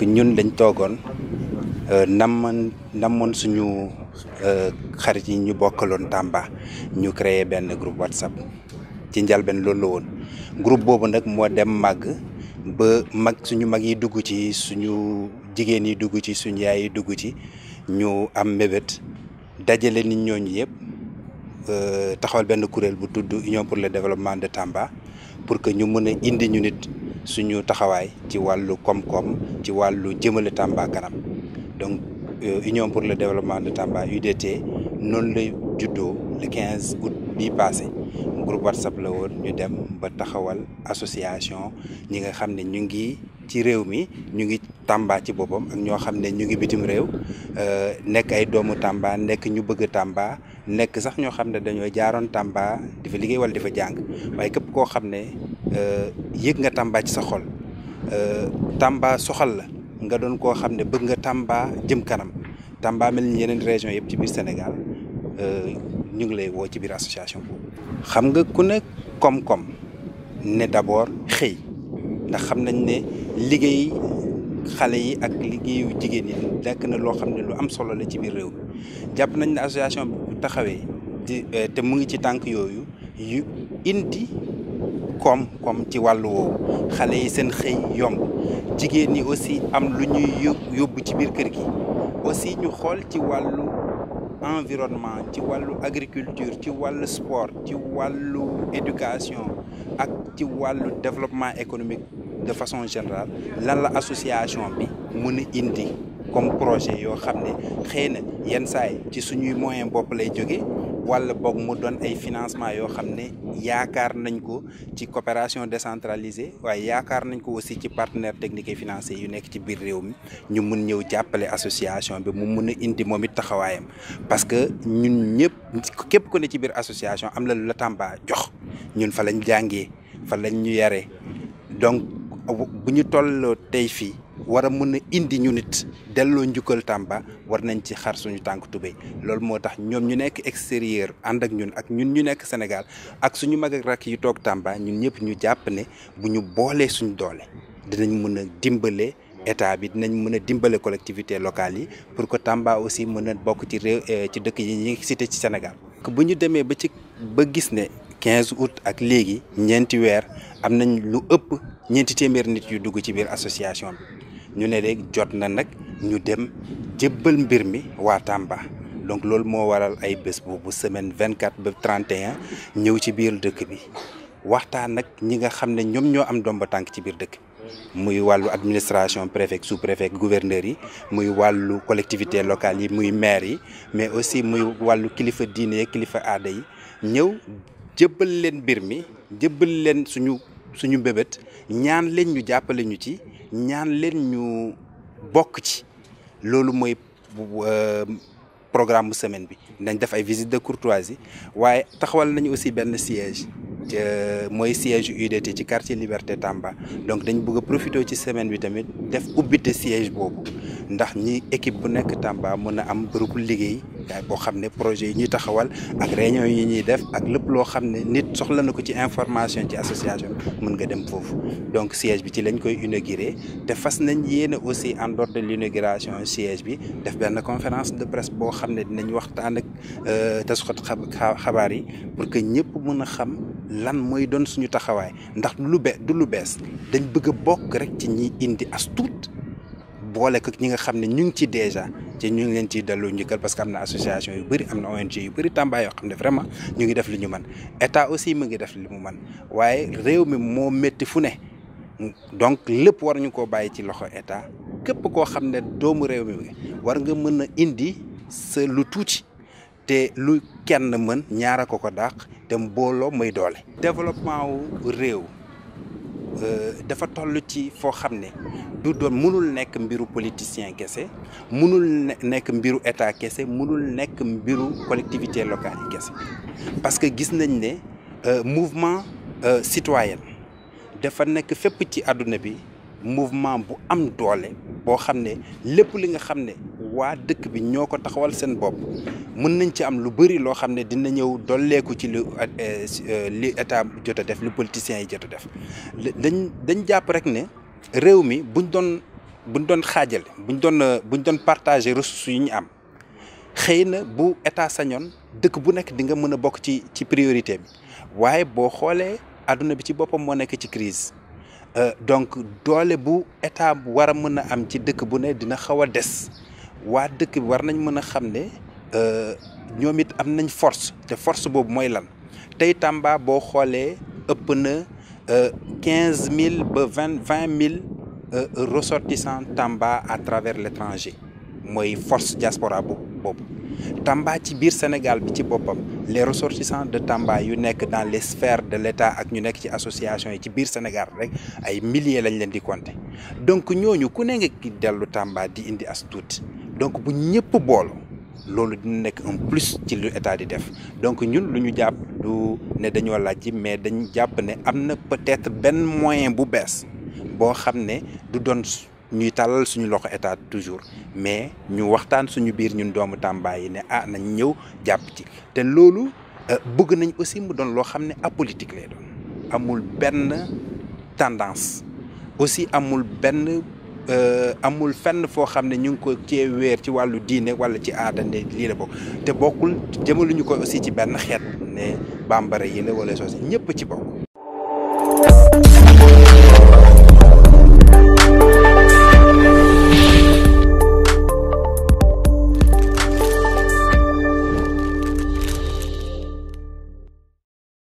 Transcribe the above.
que ñun togon toogoon euh, namun namoon suñu euh, xarit yi ñu bokkaloon Tamba ñu créer ben groupe whatsapp ci ben loolu grup woon groupe boobu dem mag ba mag suñu mag yi dugg ci suñu jigéen yi dugg ci suñu yaay yi dugg ci ñu am mebet dajale nit ñooñu yëpp euh, taxawal benn kuréel bu tudd union pour le développement de Tamba pour que ñu indi ñu nit suñu taxawaay ci wàllu koom-koom ci wàllu jëmale Tamba kanam donc euh, Union pour le développement de Tamba UDT noonu la juddoo le 15 août bii passé groupe WhatsApp la woon ñu dem ba taxawal association ñi nga xam ne ñu ngi ci réew mi ñu ngi Tamba ci boppam ak ñoo xam ne ñu ngi bitim réew euh, nekk ay doomu Tamba nekk ñu bëgg Tamba nekk sax ñoo xam ne dañoo jaaroon Tamba di fa liggéey wala di fa jàng waaye képp koo xam ne Euh, yëg nga Tamba ci sa xol euh, Tamba soxal la nga doon koo xam ne bëgg nga Tamba jëm kanam Tamba mel ni yeneen région yëpp ci biir Sénégal euh, ñu ngi lay woo ci biir association boobu. xam nga ku ne koom-koom ne d'abord xëy ndax xam nañ ne liggéey xale yi ak liggéeyu jigéen yi nekk na loo xam ne lu am solo la ci biir réew mi jàpp nañ ne association bi bu taxawee di te mu ngi ci tànk yooyu yu indi. comme comme ci walu aussi am ci aussi ñu environnement ci agriculture ci sport ci éducation ak développement économique de façon générale lan la association bi indi comme projet yo ci suñuy wala boog mu doon ay financement yo xamné ne yaakaar nañ ko ci coopération décentralisée waaye yaakaar nañ ko aussi ci partenaires techniques et financiers yu nek ci bir réew mi ñu mun ñëw jappalé association bi mu mëna indi momit taxawayam parce que ñun ñëpp képp ko ne ci bir association am la la Tamba jox ñun fa lañ jàngee fa lañ ñu yaré donc bu ñu tolloo tey war a mën a indi ñu nit delloo njukkal Tamba war nañ ci xar suñu tànk tubéy loolu moo tax ñoom ñu nekk extérieur ànd ak ñun ak ñun ñu nekk Sénégal ak suñu mag ak rakk toog Tamba ñu ñëpp ñu jàpp ne bu ñu boolee suñu doole dinañ mën a dimbale état bi dinañ mën a dimbale collectivité locale yi pour que Tamba aussi mën a bokk ci réew eh, ci dëkk yi ñi cité ci Sénégal. bu ñu demee ba ci ba gis ne quinze août ak léegi ñeenti weer am nañ lu ëpp ñeenti téeméer nit yu dugg ci biir association ñu ne rek jot na nag ñu dem jëbbal mbir mi waa Tamba donc loolu moo waral ay bés boobu semaine 24 ba 31 ñëw ci biir dëkk bi waxtaan nag ñi nga xam ne ñoom ñoo am domba tànk ci biir dëkk muy wàllu administration préfet sous préfet gouverneur yi muy wàllu collectivité locale yi muy maire yi mais aussi muy wàllu kilifa diine kilifa aada yi ñëw jébbal leen mbir mi jébbal leen suñu suñu mbébét ñaan leen ñu jàppale ñu ci ñaan leen ñu bokk ci loolu mooy euh, programme bu semaine bi dañ def ay visite de courtoisie waaye taxawal nañu aussi benn siège euh, mooy siège UDT ci quartier Liberté Tamba donc dañ bëgg a profité ci semaine bi tamit def ubbite siège boobu ndax ñi équipe bu nekk Tamba mën a am bërëbu liggéey kaay boo xam ne projet yi ñuy taxawal ak réunion yi ñuy def ak lépp loo xam ne nit soxla na ko ci information ci association mën nga dem foofu donc siège bi ci lañ koy inauguré te fas nañ yéene aussi en dehors de l'inauguration siège bi def benn conférence de presse boo xam ne dinañ waxtaan ak euh, tasxat xabaar yi pour que ñëpp mën a xam lan mooy doon suñu taxawaay ndax du lu be lu bees dañ bëgg bokk rek ci ñiy indi as tuut boole ko ñi nga xam ne ñu ngi ci déjà te ñu ngi leen ciy delloo njëkkal parce que am na association yu bëri am na ONG yu bëri Tamba yoo xam ne vraiment ñu ngi def li ñu man état aussi mu ngi def lu mu man waaye réew mi moo métti fu ne donc lépp war ñu koo bàyyi ci loxo état képp koo xam ne doomu réew mi war nga mën a indi sa lu tuuti te lu kenn mën ñaara ko ko dàq te mbooloo muy doole. développement wu réew. Euh, dafa tollu ci fo xamné ne du doon mënul nek mbiru politicien kessé mënul nek mbiru état kessé mënul nek mbiru collectivité locale kessé parce que gis nañ ne euh, mouvement euh, citoyen dafa nek fep ci aduna bi mouvement bu am doole bo xamné lepp li nga xamné waa dëkk bi ñoo ko taxawal seen bopp mën nañ ci am lu bëri loo xam ne dina ñëw dolleeku ci lu eh, eh, li état jot a def lu politiciens yi jot a def dañ dañ jàpp rek ne réew mi buñ doon buñ doon xaajale buñ doon buñ doon partager ressources yu ñu am xëy na bu état sañoon dëkk bu nekk di nga mën a bokk ci ci priorité bi waaye boo xoolee àdduna bi ci boppam moo nekk ci crise euh, donc doole bu état war a mën a am ci dëkk bu ne dina xaw a des Et ce qui est important, c'est que nous avons une force. C'est force qui est très importante. Dans ce temps il y a 15 000, 20 000 ressortissants à travers l'étranger moy force diaspora bob Tamba ci bir Sénégal bi ci bopam les ressortissants de Tamba yu nek dans les sphères de l'État ak ñu nek ci association yi ci bir Sénégal rek ay milliers lañ leen di compter donc ñooñu ku ne nga ki dellu Tamba di indi as donc bu ñepp booloo lolu dina nek un plus ci l'état di def donc ñun lu ñu du ne dañu laaj la mais dañu japp ne amna peut-être ben moyen bu bess bo xam du donne ñuy tàllal suñu loxo état toujours mais ñu waxtaan suñu biir ñun doomu Tamba yi ne ah nañ ñëw jàpp ci te loolu euh, bëgg nañ aussi mu doon loo xam ne apolitique lay doon amul benn tendance aussi amul benn euh, amul fenn foo xam ne ñu ngi ko cee weer ci wàllu diine wala ci aada ne lii la bokk te bokkul jëmaluñu ko aussi ci benn xeet ne bambara yi la wala soos ñëpp ci bokk